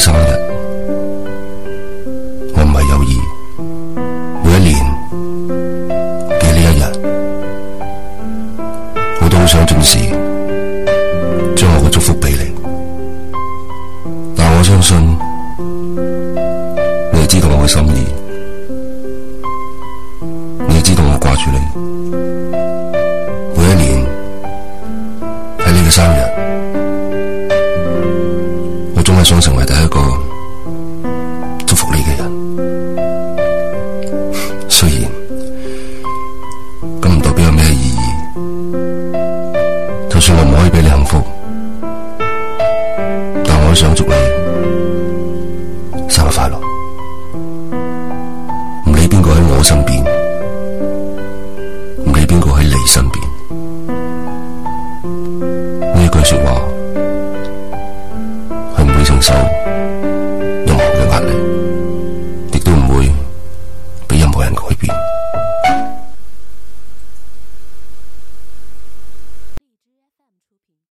生日，我唔係有意。每一年嘅呢一日，我都好想準時將我嘅祝福俾你。但我相信，你知道我嘅心意，你知道我掛住你。每一年喺呢個生日。我想成為第一個祝福你嘅人， 雖然咁唔代表有咩意義。就算我唔可以俾你幸福，但我都想祝你生日快樂。唔理邊個喺我身邊，唔理邊個喺你身邊，呢句說話，受任何嘅壓力，亦都唔會俾任何人改變。